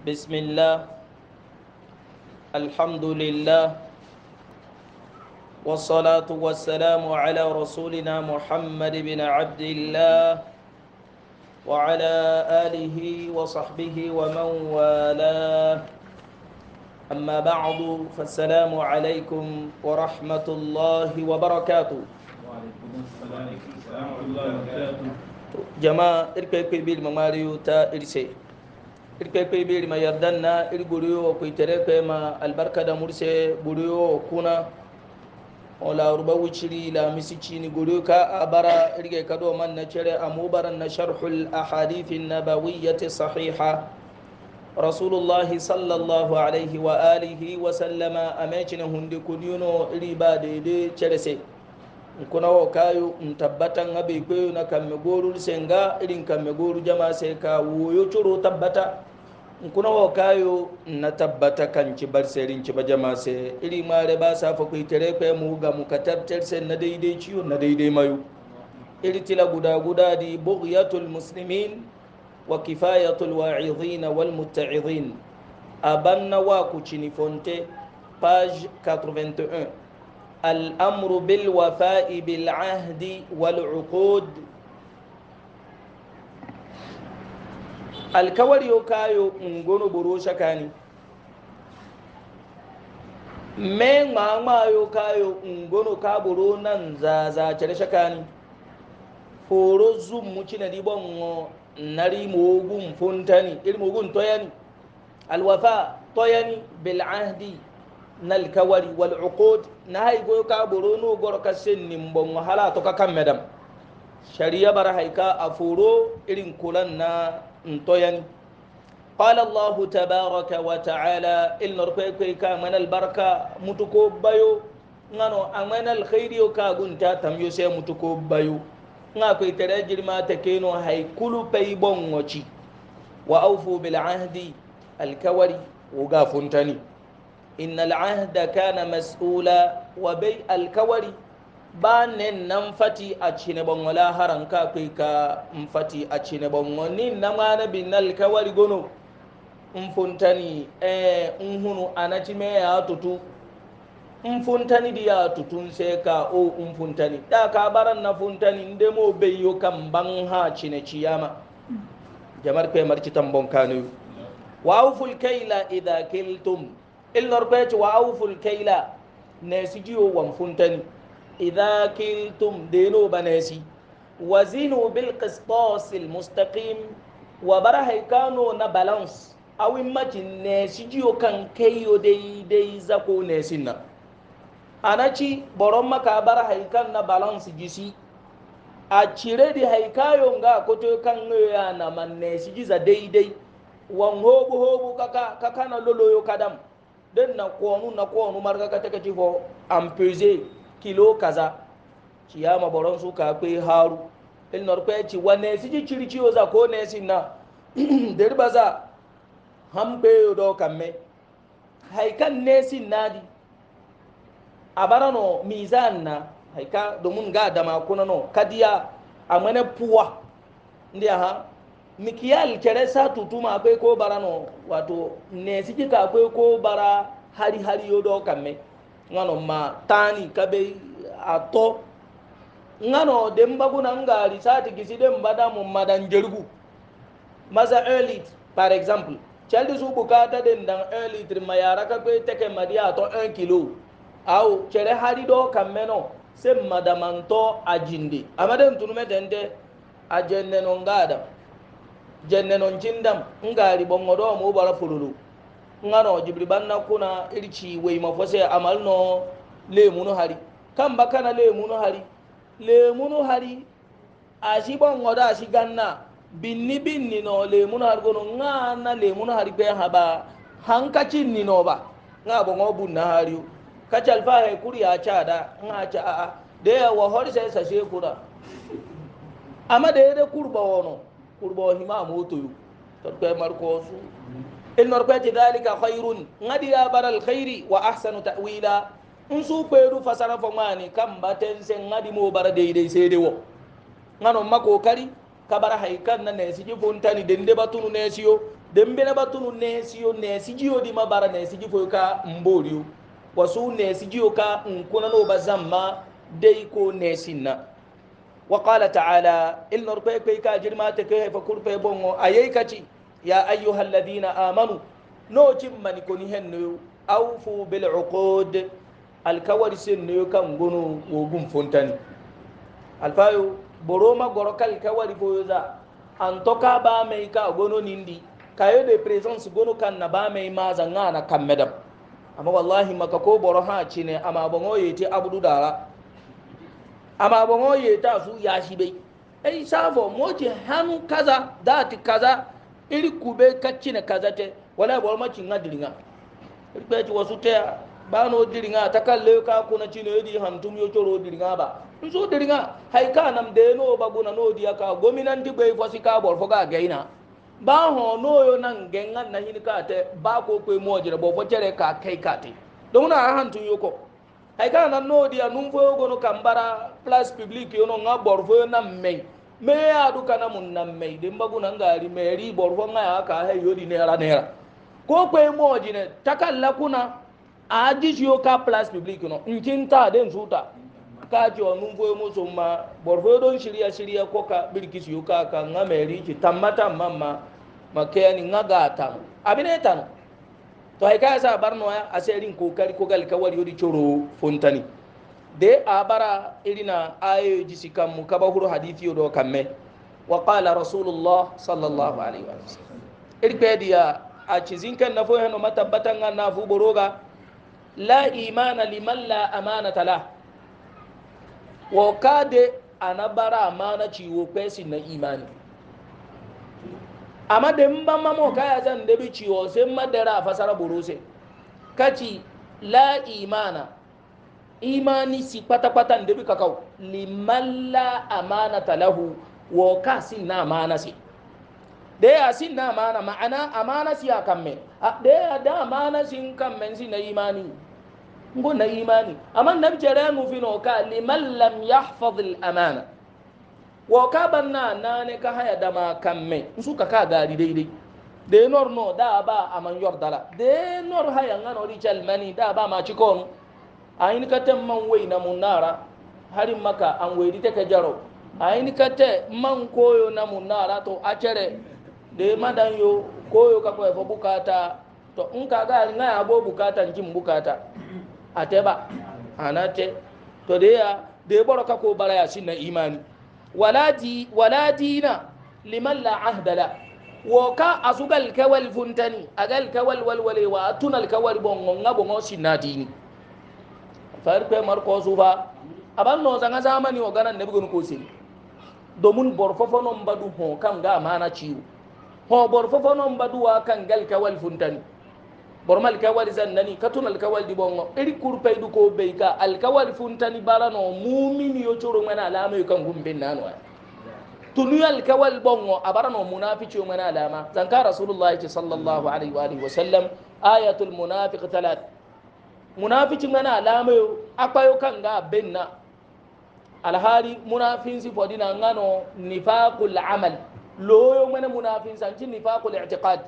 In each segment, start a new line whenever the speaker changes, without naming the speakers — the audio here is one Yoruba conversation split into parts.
بسم الله الحمد لله والصلاة والسلام على رسولنا محمد بن عبد الله وعلى آله وصحبه ومن والاه أما بعد فالسلام عليكم ورحمة الله وبركاته وعليكم السلام ورحمة الله وبركاته جماعة إركب بالمماريو تا إرسي irkwe beri ma yardan na irguriyo ku tare kwe ma albarka da murse buriyo kuna ola urba wuciri la misici ni guriyo ka abara irge kado man na cire amubaran na sharhul ahadithi nabawiyyati sahiha rasulullahi sallallahu alaihi wa alihi wa sallama amecina hundi kuniyuno iri ba daidai cire sai kuna wa kayo in abe kwayo na kamme gorur senga irin kamme goru jama sai ka woyo curo tabbata nkuna wa kayo na tabbata kan ci bar serin ci baje mase iri mare ba sa fa kuyi tere pe mu ga mu katabtar sen na daidai ciwo na daidai mayu iri tila guda guda di bughyatul muslimin wa kifayatul wa'idhin wal mutta'idhin abanna wa ku cini fonte page 81 al amru bil wafa'i bil ahdi wal uqud alkawari yo kayo ngono boro shakani me ngama yo kayo ngono ka boro nan za za cere shakani foro zum mukina di bongo nari mogun funtani il mogun toyani alwafa toyani bil ahdi nal kawari wal uqud na hay go ka boro no gor ka sennin bongo hala to ka kan shari'a bar haika a foro irin kulan na ntoyani qala allahu tabaraka wa taala ilnor kwe kwe ka ŋmene albarka mutuko bayo ŋano a ŋmene alkhairiyo ka gunta tamyo se mutuko bayo ŋa kwe tere jirma te keno haikulu pei bonŋoci wa aufu bilahdi alkawari woga funtani inna alahda kana masula wa bei alkawari ba ne nan fati a cine bangola haran ka kai ka fati a cine bango ni na mana bin alkawari gono in funtani eh in hunu anaci me ya tutu in funtani diya tutun sai ka o in funtani da ka baran na funtani inde mo beyo kan ban ha cine ciyama jamar kai marci tambon kanu wa awful kaila idha kiltum illor kai wa awful kaila ne sijiyo wan funtani idha kiltum denoobanesi wazinu bilqistosil mustaqim wabara haikano na balance awin macin nesi jiyo kan kaiyo daidai zako nesin nan anaci boron maka bara haikan na balance jisi a cire di haikayon ga koto kan ya na man nesi jiza daidai wan hobu hobu kaka kaka na loloyo kadam den na konu na konu marga ka take ci fo ampeze kilo kaza kiyama boron su ka kwe haru ilnor kwe ci wa nesi ji ciri ciyo za ko nesi na deri ba za han kwe do kan me haikan nesi nadi a no mizan na haika domin ga dama kuna no kadiya amene mana puwa ndi aha mikiyal kere sa tutuma akwai ko barano no wato nesi kika akwai ko bara hari hari yo do kan ngano ma tani kabe ato ngano demba baguna ngari sati gisi dem bada madan jergu maza elit par exemple chaldi su bukata den dan elit ma ka be teke madia ato 1 kilo au chere hari do kameno se madamanto ajindi amaden tunume dende ajenne no ngada jenne no jindam ngari bongodo mu bara fululu ngaro jibri banna kuna irci wai mafose amal no lemunu hari kan baka na lemunu hari lemunu hari asi bon ngoda asi ganna binni binni no lemunu har gono nga na lemunu hari be haba hankaci ni no ba nga bo ngo bunna hari kacal fa he kuri a cada nga ca a de wa hor sai sa she kura amma de de kurba wono kurba hima moto yu to kai ilnor kwece dhalika khairun ngadi ya baral khairi wa ahsanu ta'wila in su kweru fasara fo mani kan baten sen ngadi mo bara daidai sai dai wo ngano mako kari kabara haikan na nesi ji fontani dende batunu nesiyo dembe na batunu nesiyo nesi jiyo di mabara nesi ji foka mboriyo wasu nesi jiyo ka nkuna no bazamma dai ko nesin na wa qala ta'ala ilnor kwece ka jirma ta kai fa kurfe bongo ayai kaci ya ayyuha alladhina amanu no cimmani koni hennoyo awfu bil uqud alkawari sennoyo kan gono wogum fontani alfayo boroma goro kal kawari foyo za an toka ba mai ka gono nindi kayo de presence gono kan na ba mai ma zanga na kan medam amma wallahi maka ko boro ha cine amma bongo yete abudu dara amma bongo yeta su yashi bai ai safo moji hannu kaza dati kaza iri kube kacine kazate wala bor ma cinga dilinga iri kube ci wasu ta bano dilinga ta kalle ka kuna cino yidi hantum yo coro dilinga ba nso dilinga hay ka nam de no ba guna no dia ka gominanti be fosi ka bor fo ga gaina ba ho no yo nan genga na hin ka te ba ko ko mo jira bo fo cere ka kai ka te don na hantum yo ko hay ka nan no dia num fo go no kambara place publique yo no nga fo na men me ya duka na mun nan mai din ngari me ri borfon ya ka he yodi naira naira ko kwe mo jine takalla kuna a jishiyo ka place public no nkin ta den suta ka ji onun foyo musu ma borfo don shirya shirya ko ka birkisi yo ka nga me ki tammata mamma makeni nga gata abine tan to hay ka sa barno ya aserin kari ko gal ka wari yodi choro fontani de abara irina ayoji sikammu kaba huru hadithi yodo kamme wa qala rasulullah sallallahu alaihi wa sallam irpediya a cizinkan nafo heno matabbatan an nafu boroga la imana liman la amanata la wa kade anabara amana ciwo pesi na imani amma da in ban mamo kaya zan dabi ciwo sai madara fasara borose kaci la imana imani si patapata ndebi kakaw limalla amanata lahu wo ka sin na amana si de a sin na amana ma'ana amana si a kamme de a da amana sin kamme si na imani ngo na imani amma nabi jere mu fi no ka liman lam yahfaz al amana wo ka banna nane ka haya da ma kamme su ka ka gari daidai de nor no da ba aman yordala de nor haya ngano ri chalmani da ba ma cikonu ayin kate man wai na munara harin maka an wai dita ka jaro ayin kate man koyo na munara to acere cere da madan yo koyo ka kwa fa bukata to in ka ga nga ya bo bukata jin bukata a te ana te to da ya da boro ka ko bara ya shin imani waladi waladina liman la ahdala wo ka asugal kawal funtani agal kawal walwale wa tunal kawal bongo ngabo bongo shin na dini fari kwe mar ko sufa aban no zanga zamani o ganan ne bugun ko sin domin borfofo non badu ho kan ga mana ciwo ho borfofo non badu wa kan gal ka wal funtani borma alkawali zannani katun alkawali di bongo iri kurpe du ko be ka alkawali funtani bara no mumini yo choro ngana alama yo kan gumbe nanu tunu alkawali bongo abara no munafici yo ngana alama zanka rasulullahi sallallahu alaihi wa alihi ayatul munafiq thalath munafici ngana alama yo akpayo kanga benna alhali munafinsi na ngano nifaqul amal loyo mana munafinsi anci nifaqul i'tiqad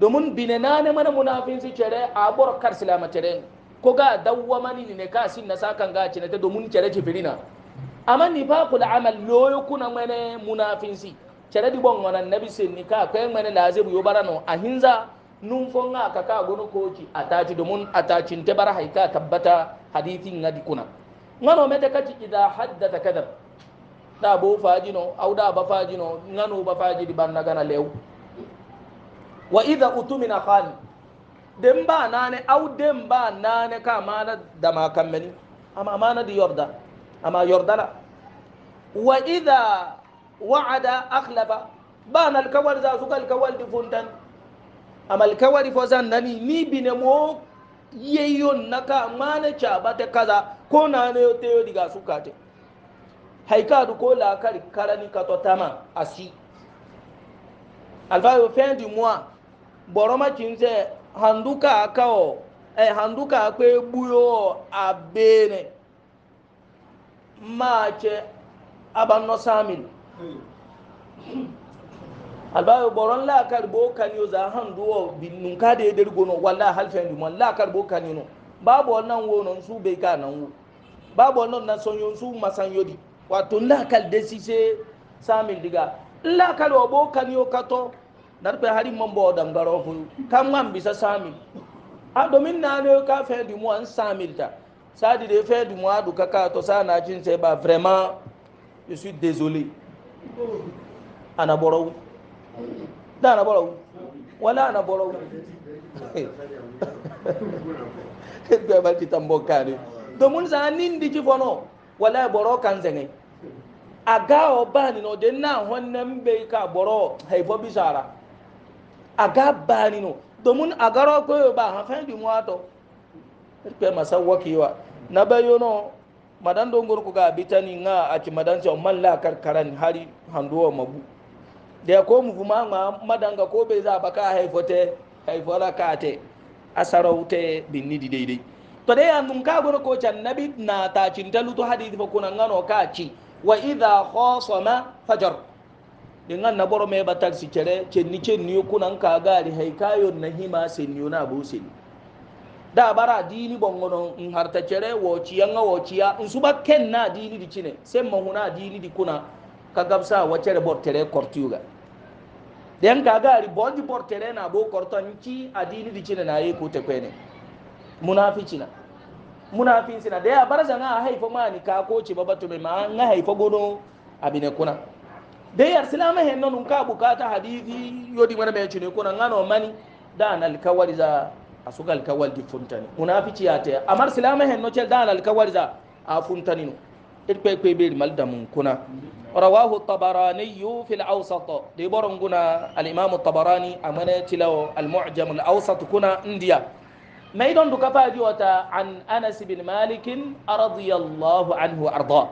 domin binenane mana munafinsi cere a bor kar silama cere ko ga dawwa mani ne ka sin na sakan ga cine ta domin cere ci firina amma nifaqul amal loyo kuna mana munafinsi cere di bon wannan nabi sin ni ka kai mana lazibu yo barano ahinza nun fonga kaka gono koji atati domun atati ntebara haika tabbata hadithi ngadi kuna ngano mete kaci idha haddatha kadhab da bo fajino au da ba fajino ngano ba faji di banna gana lew wa idha utumina khani dem ba nane au dem ba nane ka mana da ma kammani amma mana di yorda amma yordala wa idha wa'ada akhlafa ba na alkawal za su kalkawal di funtan amalkawari fozan nani ni bine mo yeyo naka mane cha te kaza ko nane yo te yo diga sukate haikadu ko la kari karani kato tama asi alfayo fin du mois boroma chinse handuka akao eh handuka akwe buyo abene mache abanno samin hmm albayo boron la karbo kanyo za han duwo binnun ka da yadir gono wallahi halfen dumon la karbo kanino babu wannan wonon su bai ka nan wo babu wannan na sonyon su masan yodi wato la kal de si se samin diga la kal obo kanyo kato dar pe hari mon bo dan garo fu kan man bisa samin a domin na ne ka fe dumo an samin ta sadi de fe dumo adu ka ka to n'a jin sai ba vraiment je suis désolé ana borowu da na bɔrɔ wala na bɔrɔ bɛɛ b'a ti tan bɔ kaani domin sa ni di ci fɔnɔ wala bɔrɔ kan sɛgɛn a ga o baani no de na hɔn nan bɛ ka bɔrɔ haifɔ bi sara a ga baani no domin a garɔ ko ba han fɛn di mu a tɔ bɛɛ masa waki wa na bɛ yɔ nɔ madan don gurku ga bitani nga a ci madan sɛ o man la karkaran hari handuwa mabu da ko mu kuma ma madanga ko bai za baka haifote haifora ka te asaraute binni di daidai to dai an mun ka gona ko can nabi na ta cinta lutu hadith fa kunan ngano ka ci wa idha khasama fajar dingan na boro me batak si kere cenni cenni kunan ka gari haikayon na hima senni na busin da bara dini bongono in harta kere wociya nga wociya in suba ken na dini di cine sem mahuna dini di kuna ka gabsa wacere bor tere kortiuga den kaga ari bonji bor tere na bo korton ci adini di cina na ye ko te kwene munafici na munafinci na da ya barza nga haifa mani ka ko ci babatu me ma nga haifa gono abine kuna da yar silama hen non ka bukata hadisi yodi mana me cine kuna no mani da na alkawari za asuka di funtani munafici ya te amar silama hen no cel da na alkawari a funtani no irpe kwe beri malda mun kuna rawahu tabarani yu fil awsat de boron guna al imam tabarani amana tilaw al mu'jam al awsat kuna india mai don duka fa di wata an anas bin malik radiyallahu anhu arda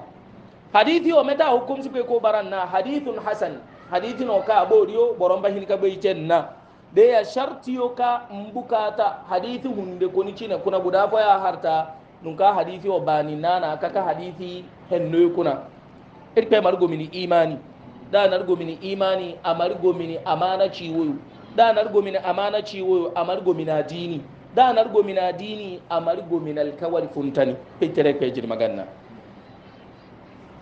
hadithi o meta hukum su ko baranna hadithun hasan hadithin o ka boriyo boron bahin ka bai na de ya shartiyo ka mbukata hadithi hunde koni cina kuna buda ya harta nunka hadisi wa bani nana kaka hadisi henno kuna irpe margo mini imani da nargo mini imani amargo mini amana ciwoyo da nargo mini amana ciwoyo amargo mini adini da nargo mini adini amargo mini alkawari funtani pitere pe jirma ganna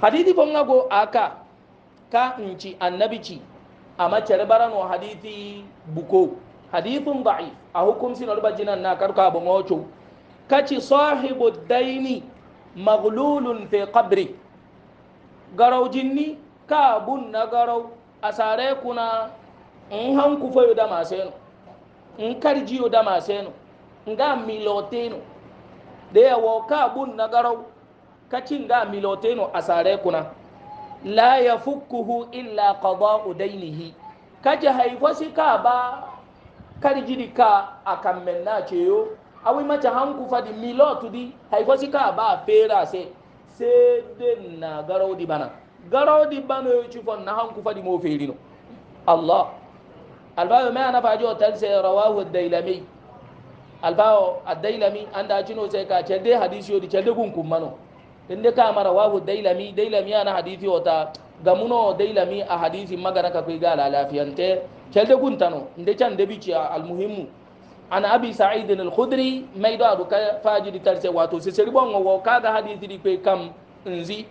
hadithi fonga go aka ka nci annabici ama cerbarano hadithi buko hadithun da'if a hukumsi naruba jinan na karka bongo chow kaci sahibu daini maglulun fi qabri garau jinni ka bun na garau asare kuna in hanku fayo da masenu in karjiyo da masenu nga miloteno da yawo ka bun na garau kacin ga miloteno asare kuna la yafukkuhu illa qada'u dainihi kaji haifasi ka ba karjidi ka akan menna ceyo awi mata hanku fadi milo tudi haifo sika ba pera se sede na garo di bana garo di bana yo chifo na hanku fadi mo felino allah albayo me ana fajo tal se rawahu ad-dailami albayo ad-dailami anda chino se ka chede hadisi yo di chede gun kumano inde ka mara wahu dailami dailami ana hadisi wata gamuno dailami a hadisi magana ka kai ga lafiyante chede gun tano inde chan debi ci almuhimu ana abi sa'idin al-khudri mai da ruka fajiri tarse wato sai sirban wa kaga hadisi di kai kam nzi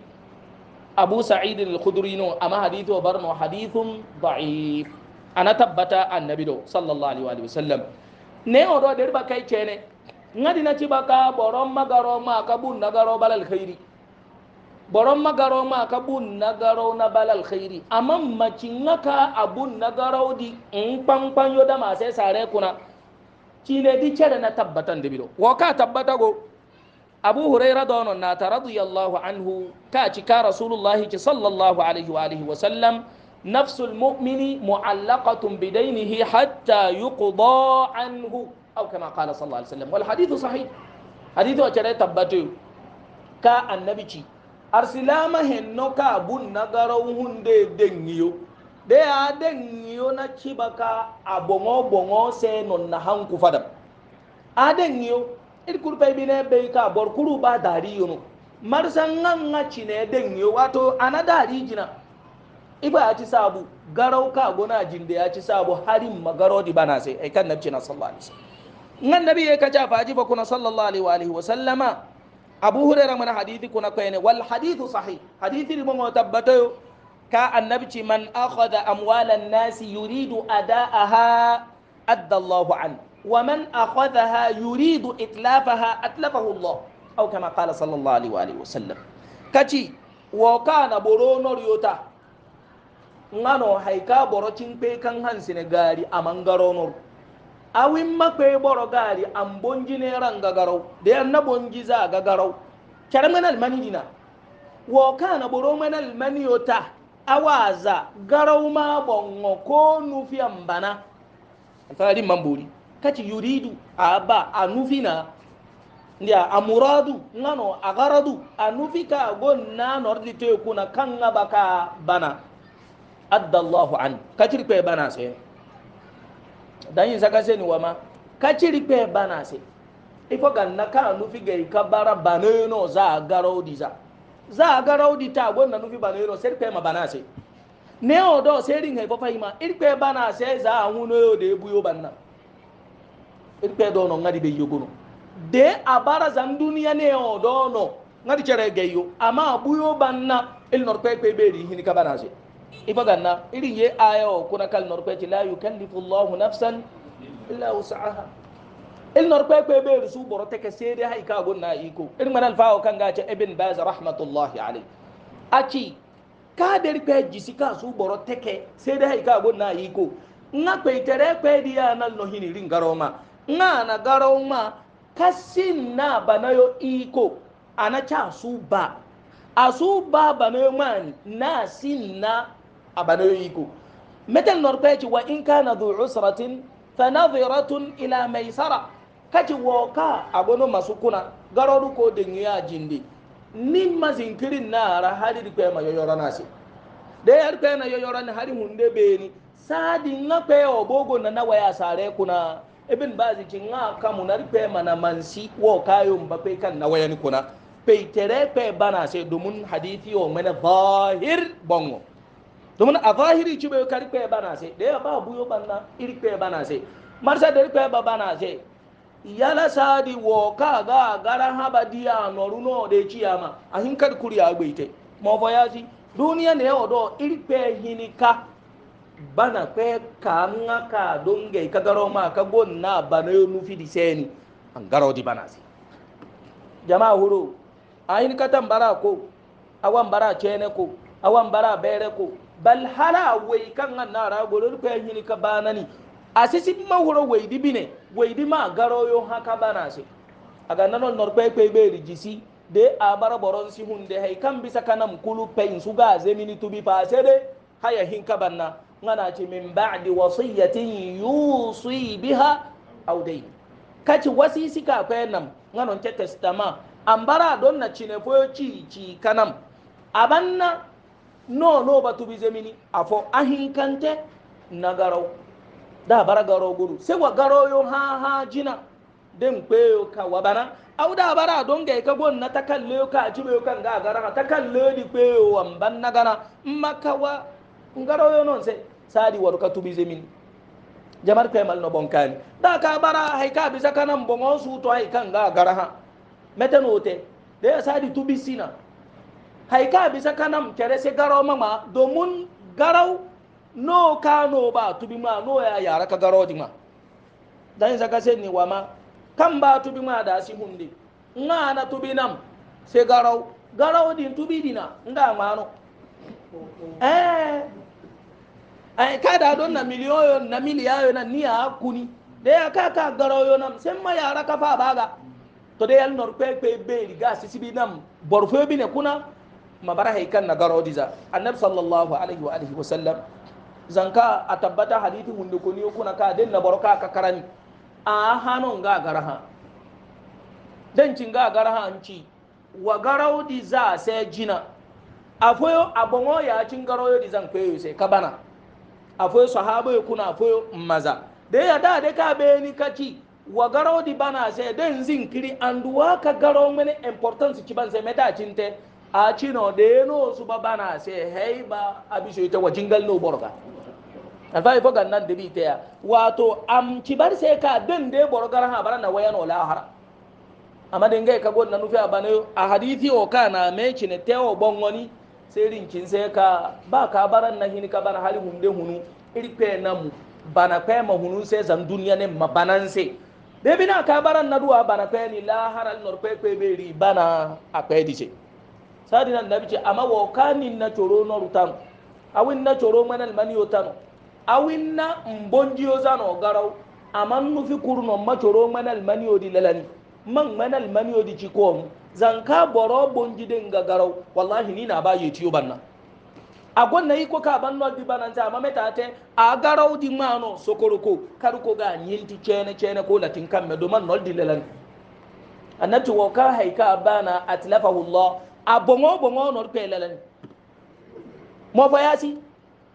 abu sa'idin al-khudri no amma hadisi wa barno hadithun da'if ana tabbata annabi do sallallahu alaihi wa sallam ne o do der ba kai cene ngadi na ci baka boron magaro ma kabun nagaro balal khairi boron magaro ma kabun nagaro na balal khairi amma macin naka abun nagaro di in pankpan yoda ma sai sare kuna cinedi cerena tabbatande ɓiɗo wo ka tabbata go abu hurayra ɗono nata radiallahu anhu kaci ka rasulullahi ci sallllahu alayhi wa alihi wa sallam nafsu lmumini muallaqatum bidainihi hatta yuqda anhu aw kama qala sal ai sallam walhadithu sahih hadithu o cere tabbatoyo ka annabi ci arsilama henno ka bun nagaraw hunde dengiyo de ya den yona kibaka abongo bongo se non na hanku fadam aden yo ir kurpe bine be ka bor kuru ba dari yono marsan nan na cine den yo wato ana dari jina iba ya ci sabu garau ka gona jinde ya ci sabu harin magaro di bana sai ai kan nabci na sallallahu alaihi wasallam nan nabi ya kaca faji ba kuna sallallahu alaihi wa sallama abu hurairah mana hadithi kuna kwene wal hadithu sahih hadithi limon tabbatayo ka annabi ce man akhadha amwalan nasi yuridu ada'aha adda Allahu an wa man akhadhaha yuridu itlafaha atlafahu Allah aw kama qala sallallahu alaihi wa alihi wasallam kaci wa kana boro noriyota ngano haika boro cinpe kan hansi ne gari amangaro nor awin makwe boro gari an bonji ne ran gagarau da yan na bonji za gagarau kyar manal mani dina wa kana boro manal mani yota awaza garau ma bongo ko nufiyan bana tsari mambori kati yuridu aba anufi anufina ndia amuradu ngano agaradu anufika gonna nordi te na kanga baka bana adda Allah an kacir pe bana se dan yin saka se ni wama kacir pe bana se ifo ganna ka anufi gari kabara bana no za garau diza za ga raudi ta gonna nufi ba no sai kai ma bana sai ne o do sai rin hai fa ima irpe bana sai za a huno yo de buyo banna irpe do no ngadi be yugo de abara zan duniya ne o do no ngadi chere geyo ama buyo banna il norpe pe be ri hin ka bana sai ifa ganna irin ye aya o kuna kal norpe ti la yukallifu allah nafsan illa wusaha il nor kwe kwe bai su boro take sai dai haika gun na iko irin man alfawo kan gace ibn baz rahmatullahi alayhi aci ka der kwe jisi ka su boro take sai dai haika gun na iko nga kwe tere kwe dia na no hini rin garoma nga na garoma kasin na banayo iko anacha su ba asuba banayo mani na sin na abanayo iko metal nor kwe ci wa in kana dhu usratin فنظرة إلى ميسرة kaci woka agono masu kuna garoru ko dingi ya jindi ni mazinkirin na ara hari di kwe ma yoyora nasi de yar kwe na yoyora ni hari hunde beni sadi nga kwe obogo na nawa ya sare kuna ibn bazi ci nga kamu na kwe ma na mansi woka yo mbape kan nawa ya ni kuna peitere kwe bana se domin hadithi o mene zahir bongo domin a zahiri ci bai kari kwe bana se da ya ba buyo banna iri kwe bana se marsa da kwe ba bana se yala saadi wo ka ga gara haba diya noru no de ciyama a hinkar kuri a gbaite mafo ya si duniya ne odo irpe hinika bana pe ka nga ka donge ka garo ma ka gonna bana nufi di seni an garo di bana si jama'a huru a hinika tambara ko awan bara cene ko awan bara bere ko bal hala wai kan nan na rago irpe hinika bana ni asisi mahuro weidi bine weidi ma garo yo haka bana se aga nanon norpe pe be rijisi de abara boron si hunde hay kan bisa kanam kulu pe insuga zemini tubi pa sede haya hinka banna ngana ce min ba'di wasiyatin yusi biha aw dayn kaci wasisi ka pe nam nganon te testama ambara don na cine fo ci ci kanam abanna no no batubi zemini afo ahinkante nagarau da bara garo guru sai wa garo yo ha ha jina den kweyo ka wabana au da bara don ga ka gon na takalle ka jibe kan ga gara ta kalle di kweyo wamban na gana maka wa ngaro yo non sai sadi waru ka tubi zemin jamar pemal no bonkani da ka bara hay ka bisa kanan bongo su to hay kan ga gara ha meten ote da ya sadi tubi sina hay ka bisa kanan kere se garo mama domun garau no ka no ba tubi ma no ya yara ka garo di ma dan saka sai ni wama kan ba tubi ma da si hundi nga na tubi nam se garo garo din tubi dina nga ma no eh ai eh, kada don na miliyoyo na miliyayo na niya kuni De ya ka ka garo yo nam sai ma yara ka fa baga to da yal nor pe pe be riga si sibi nam borfo bi ne kuna mabara hay kan na garo diza annabi sallallahu alaihi wa alihi wa sallam zanka a tabbata halitti mundu ko niyo kuna ka den labaro ka ka karani a hanon ga garaha den cin ga garaha anci wa garau di za sai jina afoyo abongo ya cin garau di zan kweyo sai kabana afoyo sahaba kuna afoyo maza da ya da da ka be ni kaci wa garau di bana sai den zinkiri anduwa ka garau mene importance ci ban sai meta cinte a cino da ya no su ba bana sai hai ba abisho ita wa jingal no borga alfai fo gannan da bi ya wato am kibar sai ka din da borgar ha bara na wayan wala har amma din gai ka gonna nufi a bana a hadisi o kana me kine tewo bongoni sai rinkin sai ka ba ka baran na hin ka bar hali hunde hunu irpe na mu bana kwe ma hunu sai zan duniya ne mabanan sai debi na ka baran na duwa bana kwe ni la haral nor kwe kwe beri bana akwai dice sadina nabi ce amma wa kanin na coro na rutan awin na coro manal maniyo tano awin na mbonjiyo zano garau amma nufi kurno ma coro manal maniyo di lalani man manal maniyo di cikom zanka boro bonjiden ga garau wallahi ni na baye tiyo banna a gwanna yi koka ban nol di bananta amma meta te a garau di mano sokoroko kar ko ga yinti cene cene ko latin kan me do man nol di lalani annatu wa ka haika bana atlafahu allah a bongo bongo nor pelele mo bayasi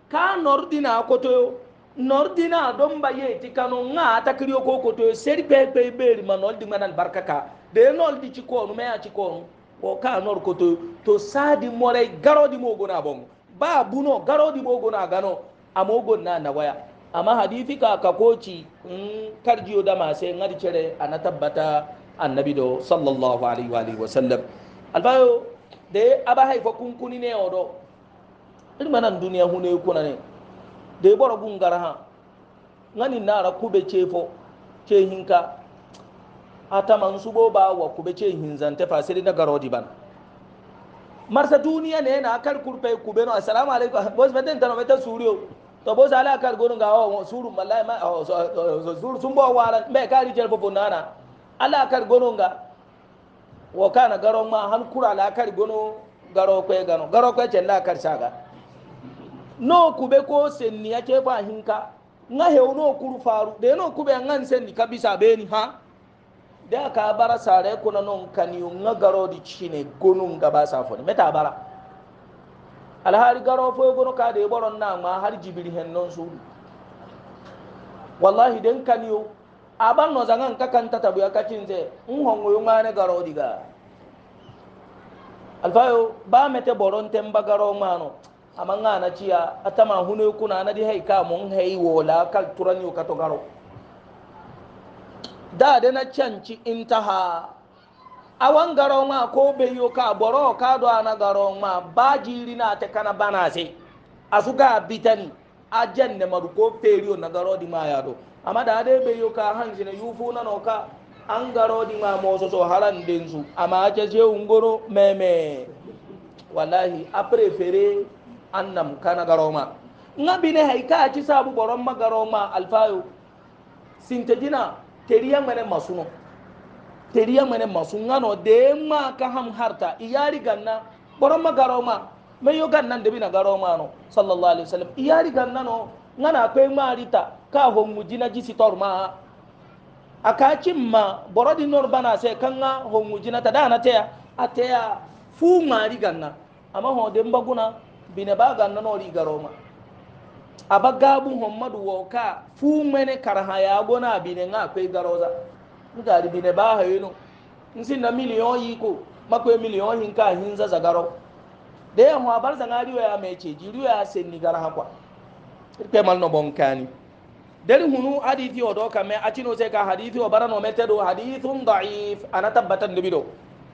ka nor dina koto nor dina don baye ti kanu nga ta kriyo ko koto seri pe pe beri ma nol dinga nan barka ka de nol di ci ko no me a ci ko ka nor koto to sadi more garo di mo gona bongo ba buno garo di mo gona gano amogo na na waya amma hadithi ka ka koci in mm, karjiyo da masu yin harcere a na tabbata annabi da sallallahu alaihi wa sallam albayo de aba haifa kunkuni ne odo irma nan duniya hune kuna ne de boro gungara ha ngani nara kube chefo chehinka ata subo ba wa kube hinzan zante fasiri na garodi ban marsa duniya ne na kar kurpe kube no assalamu alaikum bos beten tano beten suriyo to bos ala kar gonu ga o oh, oh, suru mallai ma oh, suru sumbo wala me kari jelfo bonana ala kar gonu ga wo kana garo ma han kura la kar gono garo kwe gano garo kwe chella kar saga no kube ko senni ake ba hinka nga hew no kuru faru de no kube ngan senni kabisa beni ha de ka bara sare kuna non kaniyo nga garo di chine gono nga ba safo ne meta bara alhari garo fo gono ka de boron na ma har jibiri hen non su wallahi den kaniyo aban no zangan ka kan tatabu ya kacin ze in hongo yunga garo diga alfayo ba mete boron temba garo mano amanga na chia atama hune kuna na di hay ka mun hay wola kal turan yo garo da da na canci intaha awan garo ma ko be yo boro ka do ana garo ma ba jiri na ta kana bana sai asuka bitani ajanne maru ko periyo na garo di ma ya amma da dai bai yi ka hanshi yufu na nauka an garo di ma moso so haran din su amma ake ce ungoro meme wallahi a prefere annam kana garo ma nga bine haika a ci sabu boron ma garo ma alfayo sintajina teriya mene masuno teriya mene masu ngano de ma ka ham harta iyari ganna boron ma garo ma mai yo gannan da bina garo ma no sallallahu alaihi wasallam iyari ganna no ngana kai marita ka hongu jina jisi torma aka cimma borodi bana se kanga hongu jina ta dana teya ateya fu ngari ganna ama ho de mbaguna bine ba ganna no rigaroma aba gabu hommadu woka fu mene karaha ya gona bine nga kwe garoza ngari bine ba hayino nsi na miliyon yi ko makwe miliyon hin ka hin za zagaro de ho abar zangari wa ya meche jiri wa gara ha kwa ikpe mal no bonkani dari hunu hadithi o do kamme acino se ka hadithi o barano mete do hadithun daif ana tabbata dubi do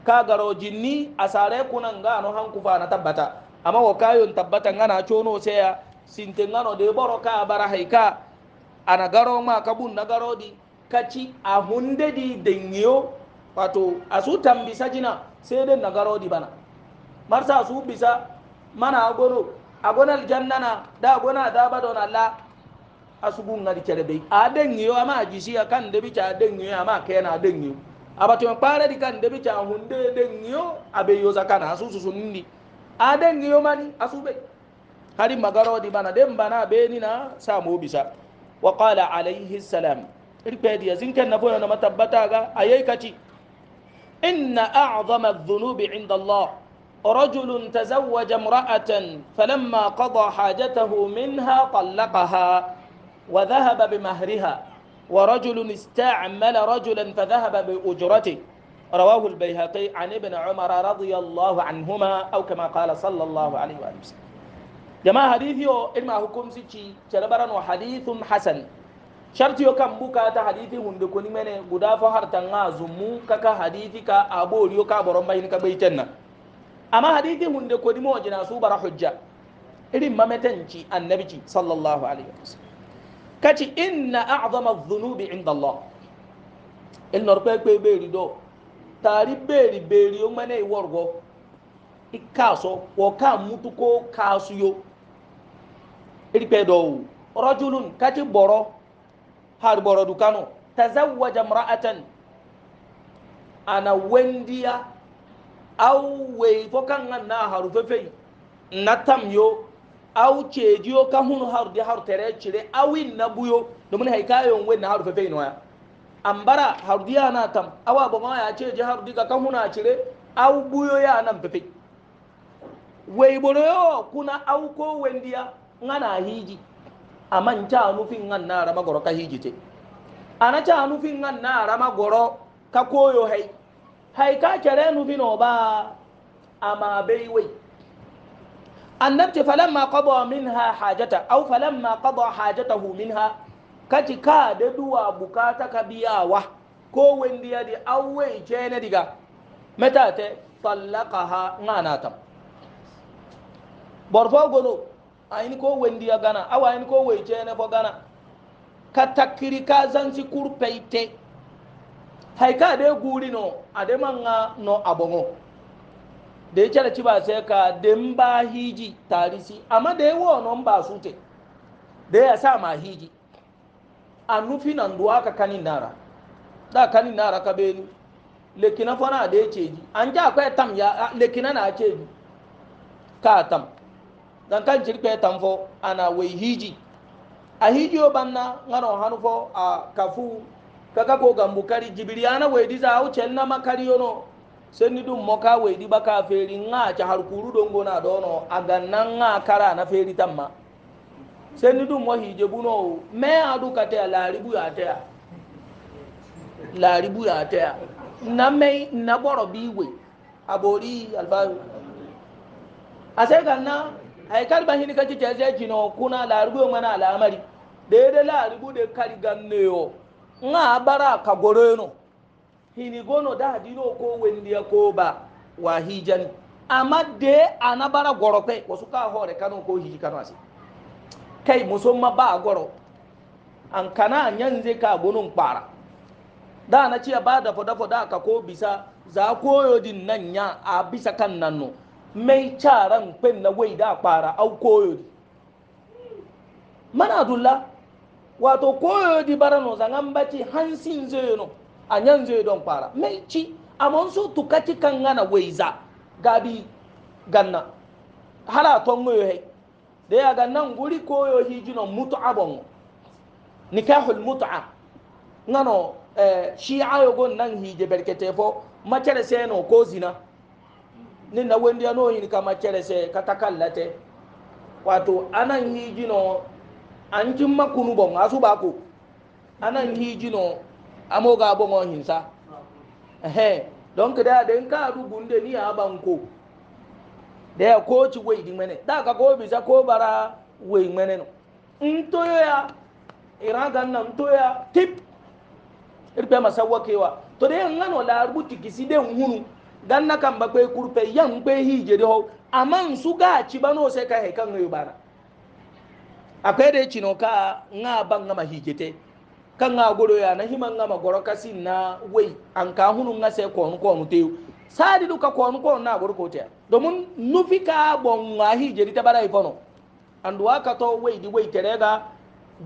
ka garo jinni asare kunan ga no hankufa ana tabbata amma wo kayon tabbata ngana cono se ya sinte ngano de boro ka bara haika ana garo ma kabun na garo di kaci ahunde di dengiyo wato asu tambisa jina sai dai na garo di bana marsa su bisa mana agono agonal jannana da agona da badon Allah asugu ngadi adeng adengiyo ama ajisiya kan debi cha adengiyo ama kena adengiyo abatu kpare di kan debi cha hunde adengiyo abe yoza kana asusu sunni adengiyo mani asube hari magaro di bana dem bana be ni na samu bisa wa qala alayhi salam irpedi yazin ken na boyo na matabata ga ayai kati inna a'zama adh-dhunubi 'inda Allah رجل تزوج امرأة فلما قضى حاجته منها طلقها وذهب بمهرها ورجل استعمل رجلا فذهب بأجرته رواه البيهقي عن ابن عمر رضي الله عنهما أو كما قال صلى الله عليه وآله وسلم جماعة حديث يو إلما حكم سيتي تلبرا وحديث حسن شرط يو كم بوكا حديث هندكوني من غدا فهر تنغا زمو كاكا حديثي كا أبو ليو كا برم بين أما حديثي هندكوني مو جناسو برا حجة إلي متنشي النبي صلى الله عليه وسلم kati inna a'zama dhunubi inda allah ilnor pe pe beeri do taari beeri beeri o mane iworgo ikaaso wo ka mutu ko kaasuyo iri pe do rajulun kati boro har boro dukano tazawwaja imra'atan ana wendiya aw wey fo kan na haru fefe na yo aw ceediyo ka hunu haru de haru tere cire awin na buyo domin hay kayon wen na haru fefe noya ambara haru diya na tam awa bonga ya ceeji haru diga ka huna cire aw buyo ya nan fefe wey boro yo kuna aw ko wendiya ngana hiji aman ca nufin ngan na rama goro ka hiji te ana ca nufin ngan na rama goro ka koyo hay hay ka cere nufin oba ama bei wey annabci falamma qada minha hajata aw falamma qada hajatahu minha kati ka da duwa bukata ka biyawa ko wendi ya di awwe cene diga meta te tallaqaha ngana tam borfo gono ayini ko wendi ya gana awa ayini ko we cene fo gana ka takiri ka zansi kurpeite hay ka de guri no ade manga no abongo da ya cire ciba sai ka din ba hiji tarisi amma da ya wono ba su te da ya sa ma hiji a nufi nan duwa ka kanin nara da kanin nara ka beni lekina fana da ya ceji an ji akwai tam ya lekina na ceji ka tam dan kan cirpe tam fo ana wai hiji a hiji o banna ngano hanu fo a kafu kaka ko gambu kari jibiri ana wai diza au celna makari yono sani dun moka wai di baka feri nga ci har kuru don dono a gannan nga kara na feri tamma sani dun mo hije buno me adu kate a laribu ya te a laribu ya te na me na boro biwe abori albayo a sai ganna haikal ban hini kaci ce sai kino kuna laribu mana al'amari daidai laribu da kari ganne yo nga bara ka goreno no hini gono da hadino ko wendi ya ko ba wa hijan amma de anabara goro kai wasu ka hore kanu ko hiji kanu asi kai musumma ba goro an kana yanzu ka gunun kwara da na ce ba da fada-fada ka ko bisa za koyo din nan ya a bisa kan nan no mai caran fen na wai da kwara au koyo di mana dulla wato koyo di bara no zangan bace hansin zai no a yan zai don fara mai ci amma so tuka kan gana waiza gabi ganna hala ton ngoyo he da ya gannan guri koyo hijino mutu'a bon nikahul mutu'a ngano eh shi ayo gon nan hije berkete fo macere seno ko zina nin na wendi ano yin ka macere se katakallate wato anan hijino an jin makunu bon asu ba ko anan hijino amo ga abon wahin sa eh don ka da da in ka rubu da ni a banko da ya ko ci wai din mene da ka ko bisa ko bara wai mene no in to ya iraga nan to ya tip irbe masawakewa to da yan ngano la rubuti kisi den hunu ganna kan ba kwe kurpe yan kwe hije de ho aman su ga ci bano sai ka he kan yoba na akwai da ci no ka nga ban ngama hijete kan ga goro ya na himan ga magoro kasin na wai an ka hunun ga sai konu konu teyu sadi duka konu konu na goro ko teya domin nufi ka bon wahi jeri ta bara ifono an duwa ka to wai di wai terega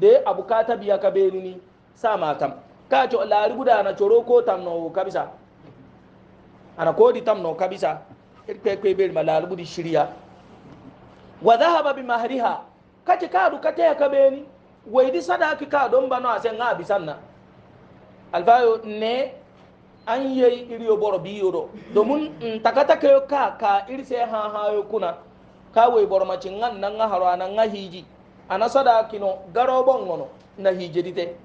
de abukata biya ka beni ni sa matam ka to lari guda na coro ko tamno kabisa ana kodi di tamno kabisa irpe kwe beri ma lari gudi shiriya wa dhahaba bi mahriha kace ka duka teya ka beni waidi sadaki ka don bano ase nga bisanna alfayo ne an ye iri yo boro bi yoro domin takata ke ka ka iri se ha ha yo kuna ka wai boro macin ngan nan nga haro anan nga hiji ana sadaki no garo bon ngono na hiji dite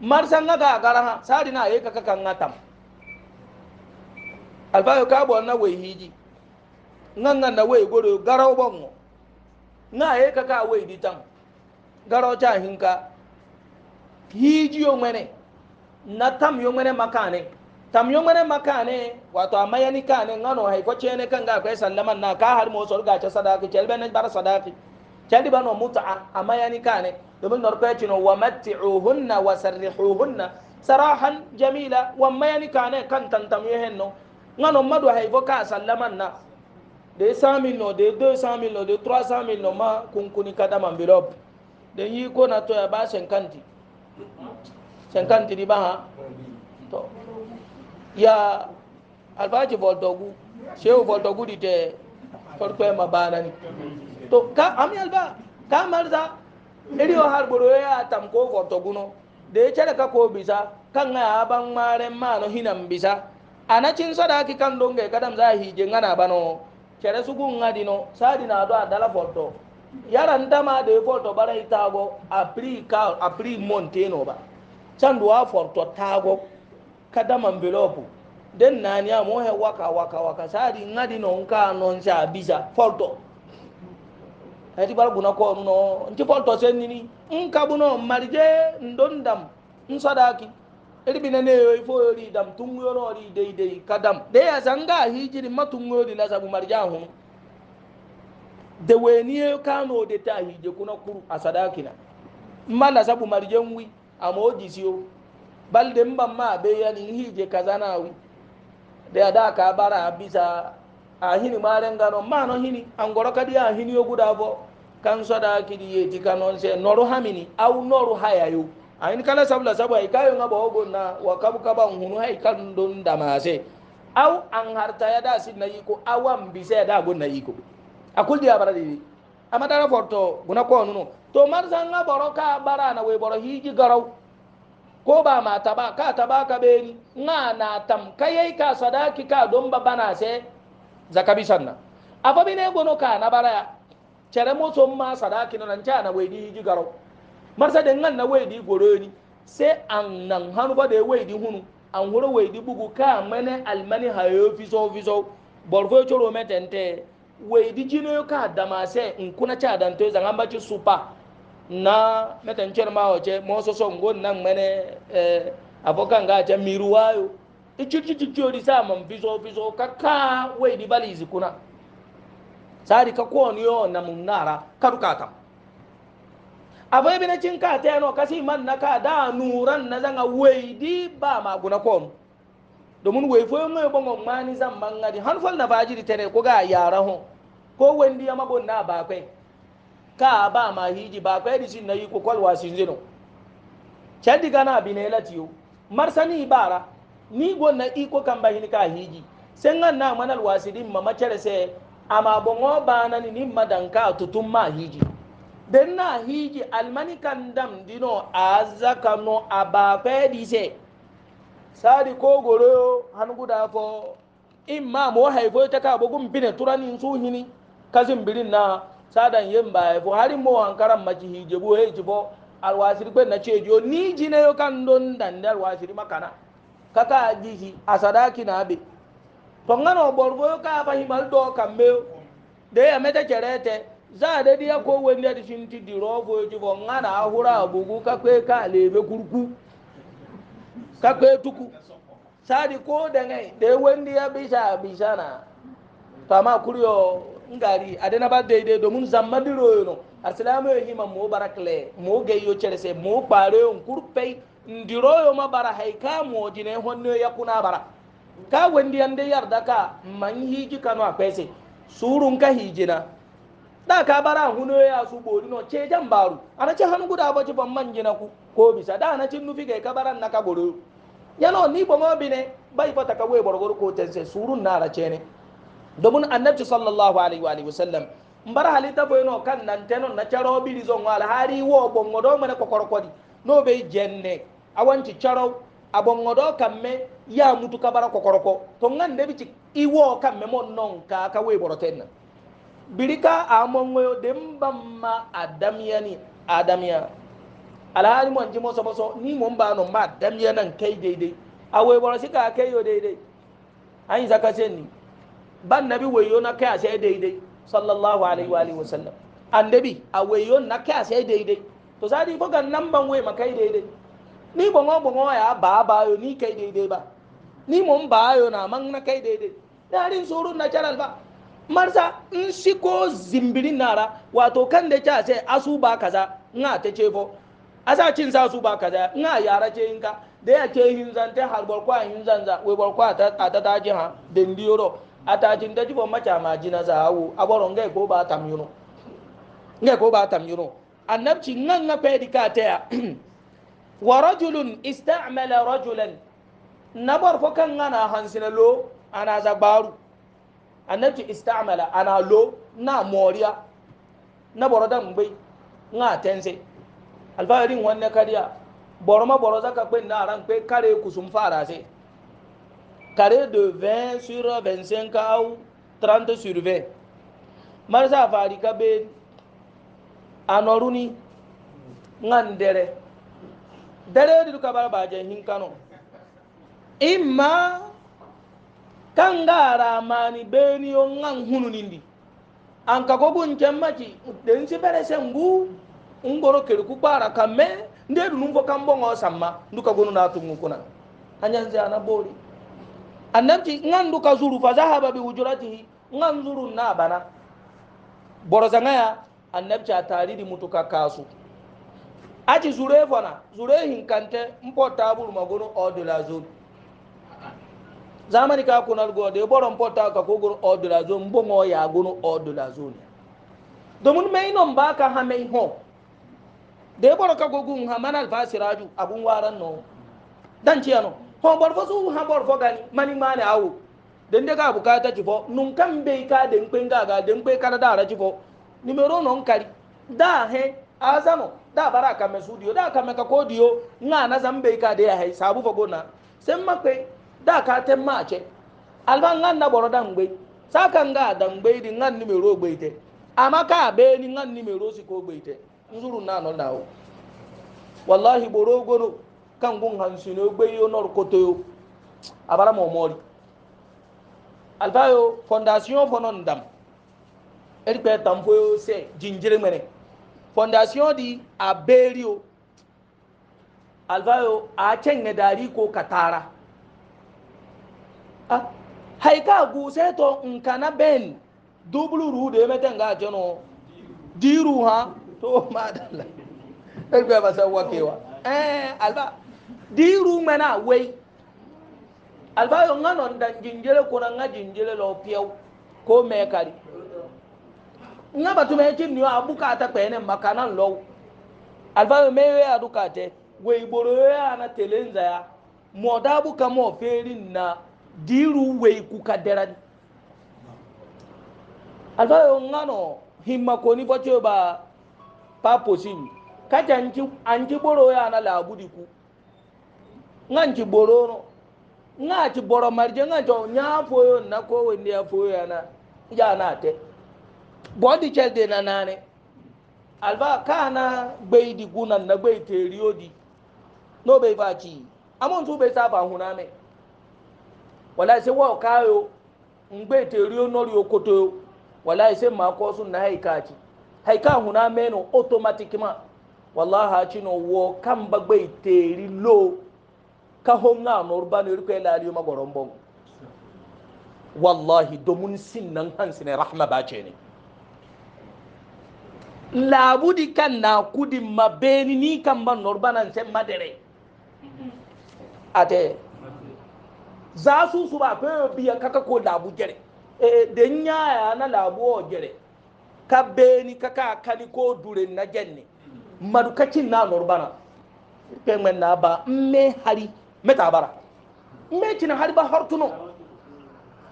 marsa nga ga gara ha sari na ye kaka kan ngatam alfayo ka bo na wai hiji ngan ngan na wai goro garo bon ngo nga ye kaka wai ditam garota hinka hijiyo mwene na tamyo mwene makane tamyo mwene makane wato amayani kane ngano haifo chene kanga akwai sallaman na ka har motsa ga ta sadaki chelbe na bar sadaki chelbe bano mut'a amayani kane domin norpe chino wa mat'uhunna wa sarrihuhunna sarahan jamila wa mayani kane kan tantamyo henno ngano madu haifo ka sallaman na de 100 millions de 200 millions de 300 millions ma kunkuni kadam envelope den yi ko na to ya ba senkanti senkanti di ba ha to ya alfaji voldogu shehu voldogu di te farko ma mabana ni to ka ami alba ka marza iri o har boro ya tam ko voldogu no da ya cire ka ko bisa kan ya ban maren ma no hinan bisa anacin sadaki kan donga kadam za hije ngana bano cere sugun ngadi no sadi na do adala voldogu yara ndama da ya forto bara ita go april ka april monteno ba can duwa forto tago kada man belopu den nani ya mohe waka waka waka sari ngadi no nka nọ nsa bisa forto ati bara guna ko no nti forto sen nini nka buno marje ndondam nsadaki iribina ne yoyi fo yori dam tungu yoro ri dei dei kadam de ya sanga hijiri matungu yori lasabu marije marja da wani e kano da ta hije kuna kuru a sadakina mala sabu marjen wi a mawaji siyo bal da ban ma be yani hije kaza na wi da ya da ka bara bisa a hini maren gano ma no hini an goro kadi a hini yo guda bo kan sadaki di yeti kanon se noru hamini au noru hayayo ayin kala sabla sabu ay kayo nga bo na wa kabu kaba hunu hay kan don damase au an harta ya da sin na yiko awan bisa da go na yiko akul dia bara dibi amma tara forto guna ko nuno to mar sanga boro ka bara na we boro hiji garau ko ba ma taba ka taba ka be na na tam kayai ka sadaki ka don ba bana se zakabi sanna afa bi gono ka na bara ya cere mo so ma sadaki no nan cha na we di hiji garau mar sa de ngan na we di goro ni se an nan hanu ba de we di hunu an horo we di bugu ka mene almani hayo fiso fiso borfo choro metente wai di jino ka da ma se kuna cha dan to zan ba ci supa na metan cer ma wace mo so so ngon nan mene eh abokan ga ta miruwayo ichichi chichori sa man bizo bizo kaka wai di bali zikuna sari ka ko ni yo na munara karuka kam abai bi na cin ka ta no kasi man na ka da nuran na zanga wai di ba ma guna ko domin wai foyin mai bango mani zan bangadi hanfal na fajiri tene ko ga yara ho ko wendi ya mabon na bakwai ka ba ma hiji bakwai di sin na yi ko kwalwa sin zino chandi gana bine latiyo marsani ibara ni gonna iko kan bahini ka hiji sen an na manal wasidin ma macere se ama bongo bana ni madan ka ma hiji den na hiji almani kandam dam dino azaka no abakwai di sari ko goro han guda fo imma mo haifo ta ka bugun bine turani su hini kazin birin na sadan yin ba haifo hari mo hankaran maji hijebu he jibo alwasiri gbe na cejo ni jine yo kan don dan da alwasiri makana kaka jiji asadaki na be to ngana oborgo yo ka fa himal do kambe de ya meta kerete za da dia ko wende da shinti di rogo jibo ngana ahura abugu ka kwe ka lebe kurku kakpe tuku sadi ko denge de wendi ya bisha bishana to amma kuriyo ngari adena ba deide domin zammandiro yono arsilamu yo hima mo barakle mo geyo cerese mo pare on kurpei ndiroyo ma bara haika mo jine honno yakuna bara ka wendi ande yarda ka man hiji kanu apese surun ka hijina da ka bara huno ya su bori no ce jan baru ana ce hannu guda ba ci ban man jina ku ko bisa da ana cin nufi ga ka baran na ka goro yano ni ba ma bine bai fata ka wai borgoro ko tense surun na race ne domin annabi sallallahu alaihi wa alihi wasallam mbar halita boy no kan nan tenon na charo bili zon wal hari wo bongo do mane kokorokodi no be jenne awanti charo abongo do kamme ya mutu kabara kokoroko to ngan de bici iwo kamme mon non ka ka wai boroten birika amongo yo dembamma adamyani adamya alhali mo ji moso moso ni mon ba no ma dam ya nan kai daidai awe bor si ka kai yo daidai an zaka sen ni ban nabi wayo na kai sai daidai sallallahu alaihi wa alihi wasallam annabi awayo na kai sai daidai to sadi ko kan nan ban we makai daidai ni bongo bongo ya ba ba yo ni kai daidai ba ni mon ba yo na man na kai daidai darin suru na channel ba marsa in shi zimbirin nara wato kan da ce asu ba kaza nga ta ce fo asa cin sa su ba kaza ina yara ce yinka da ya ce hin zan ta har barkwa hin zan za we barkwa ta ta ta jin ha den biyoro ata jin da jibon macha ma jina za hawo aboro ngai ko ba tam yuno ngai ko ba tam yuno annabci nan na fe dika ta ya wa rajulun ista'mala rajulan nabar fo kan ana hansina lo ana zabaru. annabci ista'mala ana lo na moriya na borodan bai nga tense alfaharin wannan kariya boro ma boro zaka pe na ran pe kare kusum fara se kare de 20 sur 25 au 30 sur 20 marsa fari ka be anoruni ngan dere dere di duka bar baje hin kano imma kangara mani beni yo ngan hununindi an ka gogun kemmaki densi si bere sengu ngoro keri kukpara ka mee ndị edunu ngwo ka mbọ ọsa mma ndukagonu na atụ nwukwu na anya nze ana bori annabci nga nduka zuru fa zahaba bi hujuratihi nga nzuru na abana boroza nga ya annabci a tariri mutuka kasu aci zure fana zure hinkante mpo taburu magonu odula zuru zamani ka kunal gode boro mpo ta ka kogoro odula zuru mbongo ya gonu odula zuru domin mai non ba ka ha mai ho de bor ka gogun ha manal fasiraju abun waran no dan ci ano ho bor fo su ha bor fo gani mani mane awo den de ga bukata ci fo nun kan be ka den kwen ga ga den kwe kada da ra ci fo numero no nkari da he azano da bara ka me studio da ka me ka kodio nga na zan be ka de ya he sabu fo gona sem makwe da ka tem ma ce alban ngan na boro dan gbe saka nga dan gbe di ngan numero gbe te amaka be ni ngan numero si ko gbe te nzuru na no nawo wallahi boro goro kan gun hansu ne gbe yo nor koto yo abara mo mori alfayo fondation fonon dam eri pe tamfo yo se jinjire mene fondation di aberio alfayo a chen ne dari ko katara ah haika gu se to nkana ben dublu ru de meten ga jono diru ha to madalla irgwe ba san wakewa eh alba diru mana wai alba yo ngano dan jinjele ko nga jinjele lo piaw ko me kari nga batu me kin ni abuka ta pe ne makana lo alba yo me we aduka te we iboro we ana telenza ya moda abuka mo feri na diru we ku kadera alba yo ngano himma ko ni bocho ba pa posin kati anki anki boro ya na labudi ku nganki boro no ngati boro marje ngato nya foyo na ko wende ya foyo ya na ya na te body chel de na nane alba kana gbeidi gunan na gbei teriodi no be baci amon tu be saba huname wala se wa kayo ngbe terio nori okoto wala se ma ko sun na haikati hay ka huna meno automatiquement wallahi ha chino wo kamba gbe teri lo ka honga norba ne ko la ma gorombo wallahi domun sinnan hansine rahma ba ce ne labudi kan na kudin mabeni ni kan ban norbanan sai madare ate za su su ba fe biya kaka ko labu gere e, e den yaya na labu o gere ka beni ka ka kani ko dure na jenne madu kacin na norbana pe men na ba me hari meta bara me cin hari ba hortuno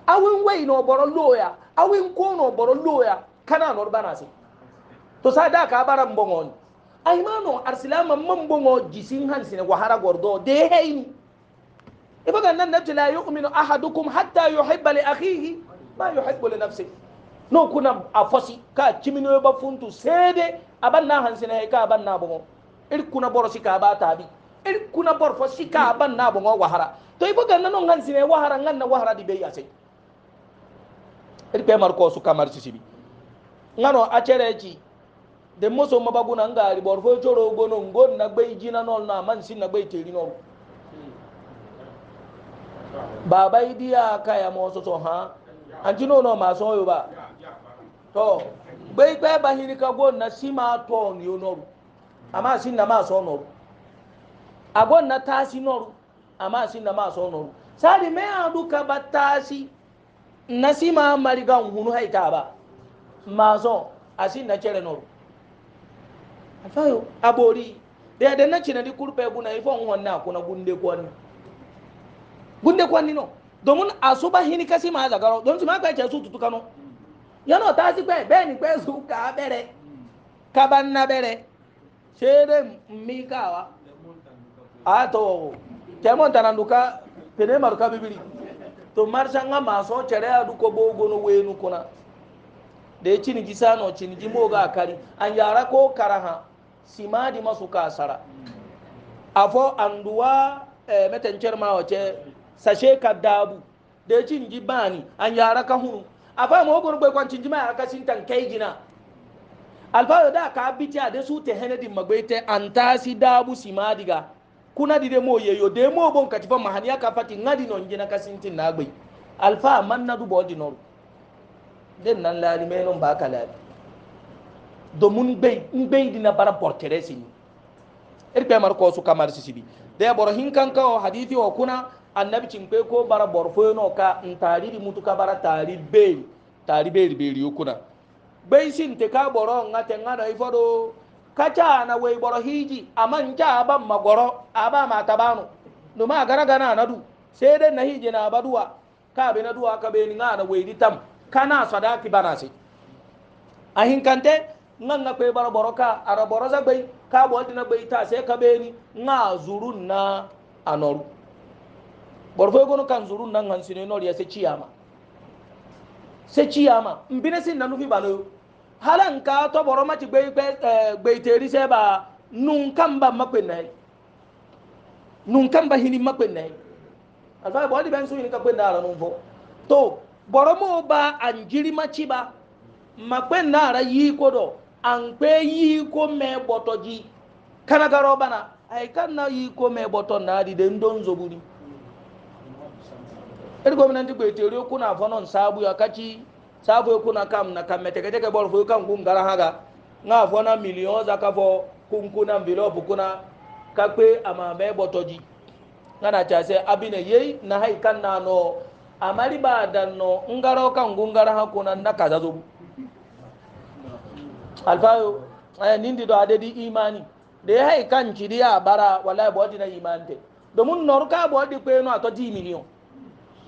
awin wai no boro loya awin ko no boro loya kana norbana se to sa da ka bara mbongon ay mano arsilama mambongo jisin hansine wa hara gordo de heini ibaga nan nabti yu'minu ahadukum hatta yuhibba li akhihi ma yuhibbu li nafsihi no kuna a fosi ka kimino ba funtu sede aban na hansina ka aban na bomo ir kuna borosi ka ba tabi ir kuna bor fosi ka aban na bomo wahara to ibo ganna non hansina wahara nganna wahara di beya ya sai ir pe mar ko su kamar sisibi ngano a cereji de moso mabaguna ngari bor fo joro gono ngon na gbe jina non na man sin na gbe teri non baba idiya kaya mo so ha anjino no ma so yo ba to bai bai ba hini ka go na sima to ni onoru amma sin na ma so onoru agon na tasi noru amma sin na ma so onoru sari me adu ka ba tasi na sima mariga hunu haita ba ma so asin na chere noru afayo abori da yadda na cina di kurpe guna ifo wannan kuna gunde kwani gunde kwani no domin a su ba hini kasi ma zagaro don su ma kai ce tutukano yọ́nà tá a sí pẹ́ bẹ́ẹ̀ ni pẹ́ sùn ká bẹ̀rẹ̀ kaba ń nabẹ̀rẹ̀ ṣeré mi káwa a tọwọ́ o tẹ́mọ̀ tànàdùká tẹ̀lé màdùká bíbélì to marsa nga maso cere adu ko bogono wenu kuna de ciniji sano ciniji moga kari an yara ko karaha simadi masu kasara afo anduwa eh, meten cerma wace sashe kadabu de ciniji bani an ka hunu afa mo gon gbe kwanci jima aka sin tan kai jina alfayo da ka biti ade su te henedi magbaite antasi dabu simadiga kuna dide mo yeyo de mo bon katifa mahaniya ka fati ngadi non jina ka sin tin na gbe alfa manna du bodi noru den nan la me non ba ka laari domun gbe ngbe dina bara portere sin irpe mar ko su kamar sisibi de boro hinkan ka o hadithi o kuna annabi cinque ko bara borfoyno ka ntariri mutu ka bara tari beri tari beri beri yukuna bai sinte ka boro ngate ngada ifodo kaca na wai boro hiji aman ja aban magoro aba mata bano numa gara gana na du sai dai na hiji na baduwa ka be na duwa ka be ni ngana wai ditam kana sadaki bana sai ahin kante nan na kai bara boro ka ara boro za bai ka bolti na bai ta sai ka be ni nga zurun na anoru borfo gono kan zurun nan han sino noriya se ciyama se ciyama mbine sin nanu fi balo halan ka to boro ma ci gbe gbe eh, teri se ba nun kan ba makwe nai nun kan ba hini makwe nai alfa bo di ben su ni ka kwen dara nun fo to boro mo ba anjiri ma ci ba makwe nara yi ko do an pe yi ko me botoji kana garo bana ai kan na yi ko me boton na di den don zoburi eri gwamnati gbe teriyo kuna fonon sabu ya kaci sabu ya na kam na kam mete kete ke bor fo kan kun gara haga nga fona million za ka fo kun kuna envelope kuna ka ama be botoji ngana cha se abine yei na hai kan na no amari ba dan no ngaro kan kun gara ha kuna na kaza zo alfayo aya eh, nindi do ade di imani de hai kan ci dia bara wallahi bodi na imante domun norka bodi pe no ato 10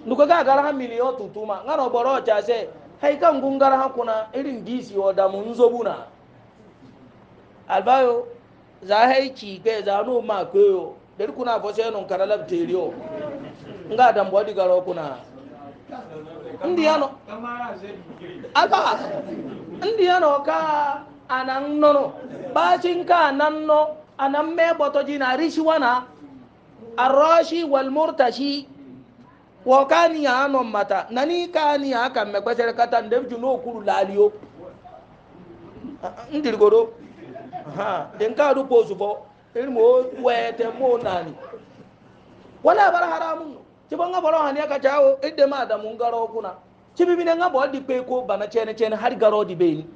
nuka ga gara ha miliyon tutuma ngano boro ta se hay kan gun gara ha kuna irin disi wa da mun zobuna albayo za hay ki ga za no ma koyo der kuna fo se non kana labteriyo nga dan bodi garo kuna ndi yano alba ndi yano ka anan nono bacin ka nan no anan me botoji na rishiwana arrashi wal murtashi wo kani ya no nani kani ya kan me kwasere kata ndef ju no kuru laliyo ah, ndir goro ha den ka do pozu bo ir mo wete mo nani
wala bar haramun
ci banga baro hani aka jawo idde ma da mun garo kuna ci bibi ne ngabo di pe ko bana chene chene har garo di beni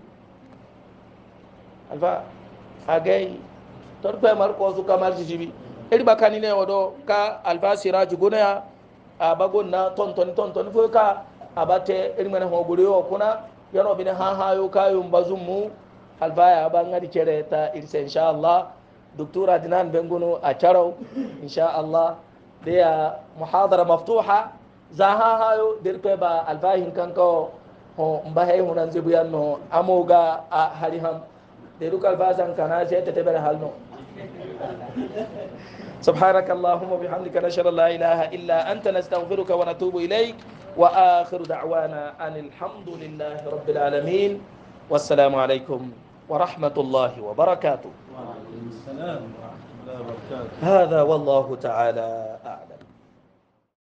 alfa agay tor pe mar ko su kamar jibi eri bakani ne wodo ka alfa siraju ya abago na tontoni tontoni fo ka abate erimana ho gure yo kuna yano bine ha ha yo kayo mbazumu albaya ba ngadi cere ta irse insha Allah دكتور عدنان بنقولوا أشروا إن شاء الله دي محاضرة مفتوحة زاها هايو ديركو با الفاهين كانكو هو مبهي هنا نزيبو يانو أموغا هاليهم ديروك الفاسان كانا سيتتبر هالنو سبحانك اللهم وبحمدك نشهد لا إله إلا أنت نستغفرك ونتوب إليك وآخر دعوانا أن الحمد لله رب العالمين والسلام عليكم ورحمة الله وبركاته وعليكم السلام ورحمة الله وبركاته هذا والله تعالى أعلم